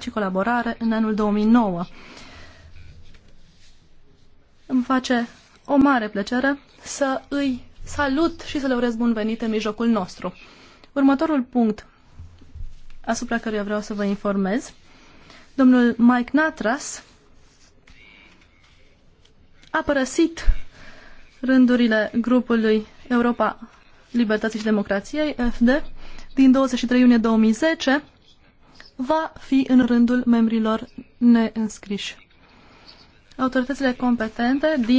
și colaborare în anul 2009. Îmi face o mare plăcere să îi salut și să le urez bun venit în mijlocul nostru. Următorul punct asupra căruia vreau să vă informez, domnul Mike Natras a părăsit rândurile grupului Europa Libertății și Democrației, FD, din 23 iunie 2010 va fi în rândul membrilor neînscriși. Autoritățile competente din